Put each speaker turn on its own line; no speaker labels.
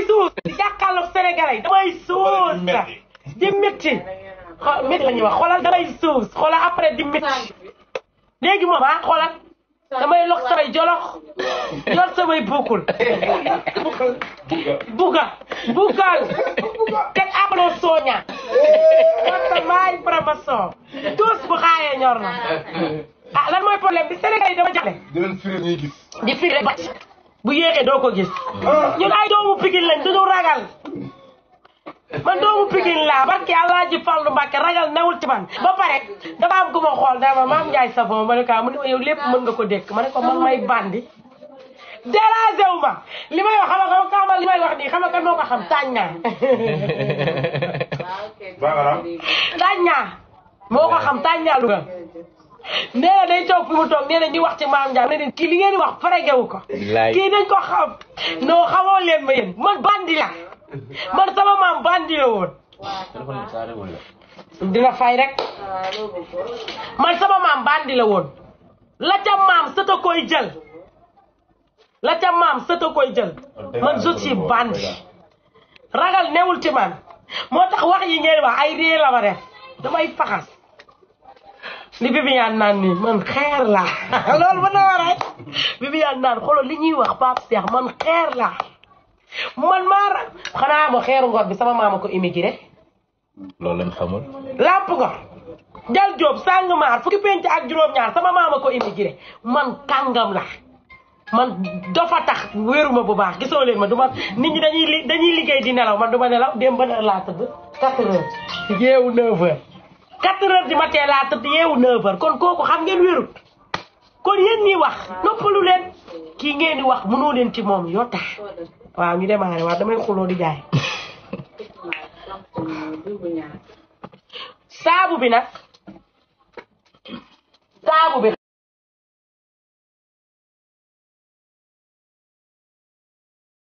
damay sóor di jàkkaarloog Sénégalais yi damay sóor sax di métti
xo métti la ñuy wax xoolal
damay sóor xoolal après di métti léegi moom ah xoolal damay lok samay jolox yor samay buukul buga bugal teg ablo soña wata maay promotion tous bu xaayee ñor na ah lan mooy problème bi Sénégal yi dama jàle di leen firi ñuy gis di firi bàcc bu yéexee doo ko gis ñun ay doomu Pikine lañ duñu ragal man doomu Pikine laa barke Alaaji Fallu Mbàkke ragal newul ci ba pare dafa am ma xool dama maam Njaay Savon ma ne ko ah, mu ne yow lépp mën ko man may bandi dérangé wu li may wax xam nga li may wax nii xam nga moo ko xam tàñ naa nee na day toog fi mu toog nee na wax ci maam Ndiaye ne leen kii li ngeen wax farege wu ko. kii dañ ko xam non leen ma yéen man bandi man sama maam bandi woon. dina fay rek man sama maam bandi la woon la ca maam sëta koy jël la ca maam sëta koy jël man je suis bandi ragal newul ci man moo tax wax yi ngeen wax ay réer la ma def damay faxas. ni Viviane naan ni man xeer la loolu mën na war rek Viviane naan xoolal li ñuy wax pap Cheikh man xeer la man maa xana mo ma xeeru ngor bi sama mama ko imigré eh? loolu lañ xamul. làmp ngor jal joob sàng maar fukki penc ak juroom ñaar sama mama ko imigré eh? man kangam la man dafa tax wëruma bu baax gisoo leen ma duma nit ñi dañuy dañuy liggéey di nelaw man duma nelaw dem ba la laa tëdd quatre heures. yeewu quatre heures du matin laa tëdd yeewu neuf heures kon kooku xam ngeen wérut kon yéen ñi wax noppalu leen kii ngeen di wax mënoo leen ci moom yoo tax waaw ñu démarré waaw damay xuloo di jaay saabu bi nag saabu bi